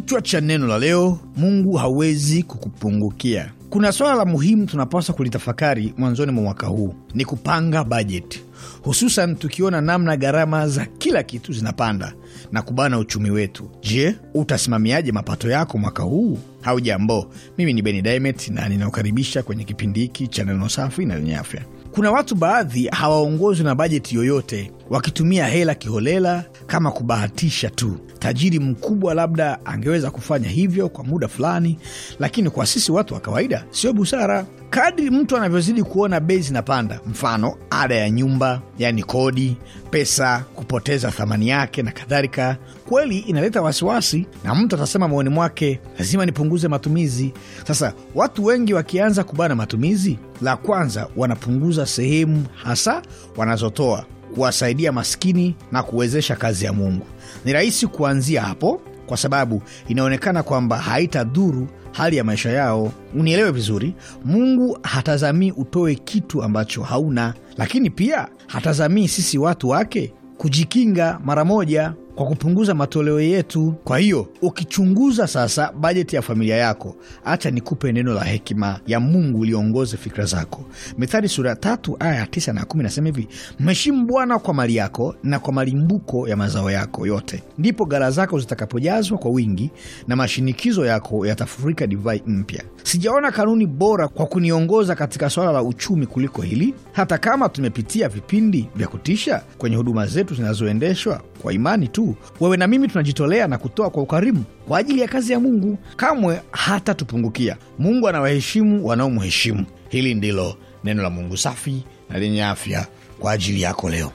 Kichwa cha neno la leo: Mungu hawezi kukupungukia. Kuna swala la muhimu tunapaswa kulitafakari mwanzoni mwa mwaka huu, ni kupanga bajeti, hususan tukiona namna gharama za kila kitu zinapanda na kubana uchumi wetu. Je, utasimamiaje mapato yako mwaka huu? Haujambo, mimi ni Beni Dimet na ninaokaribisha kwenye kipindi hiki cha neno safi na lenye afya. Kuna watu baadhi hawaongozwi na bajeti yoyote wakitumia hela kiholela kama kubahatisha tu. Tajiri mkubwa labda angeweza kufanya hivyo kwa muda fulani, lakini kwa sisi watu wa kawaida sio busara. Kadri mtu anavyozidi kuona bei zinapanda, mfano ada ya nyumba, yani kodi, pesa kupoteza thamani yake na kadhalika, kweli inaleta wasiwasi, na mtu atasema moyoni mwake, lazima nipunguze matumizi. Sasa watu wengi wakianza kubana matumizi, la kwanza wanapunguza sehemu hasa wanazotoa kuwasaidia maskini na kuwezesha kazi ya Mungu. Ni rahisi kuanzia hapo kwa sababu inaonekana kwamba haitadhuru hali ya maisha yao. Unielewe vizuri, Mungu hatazamii utoe kitu ambacho hauna, lakini pia hatazamii sisi watu wake kujikinga mara moja kwa kupunguza matoleo yetu. Kwa hiyo ukichunguza sasa bajeti ya familia yako, acha nikupe neno la hekima ya Mungu liongoze fikra zako. Mithali sura tatu aya ya tisa na kumi nasema hivi, mheshimu Bwana kwa mali yako na kwa malimbuko ya mazao yako yote, ndipo gara zako zitakapojazwa kwa wingi na mashinikizo yako yatafurika divai mpya. Sijaona kanuni bora kwa kuniongoza katika swala la uchumi kuliko hili, hata kama tumepitia vipindi vya kutisha kwenye huduma zetu zinazoendeshwa kwa imani tu wewe na mimi tunajitolea na kutoa kwa ukarimu kwa ajili ya kazi ya Mungu, kamwe hatatupungukia. Mungu anawaheshimu wanaomheshimu. Hili ndilo neno la Mungu safi na lenye afya kwa ajili yako leo.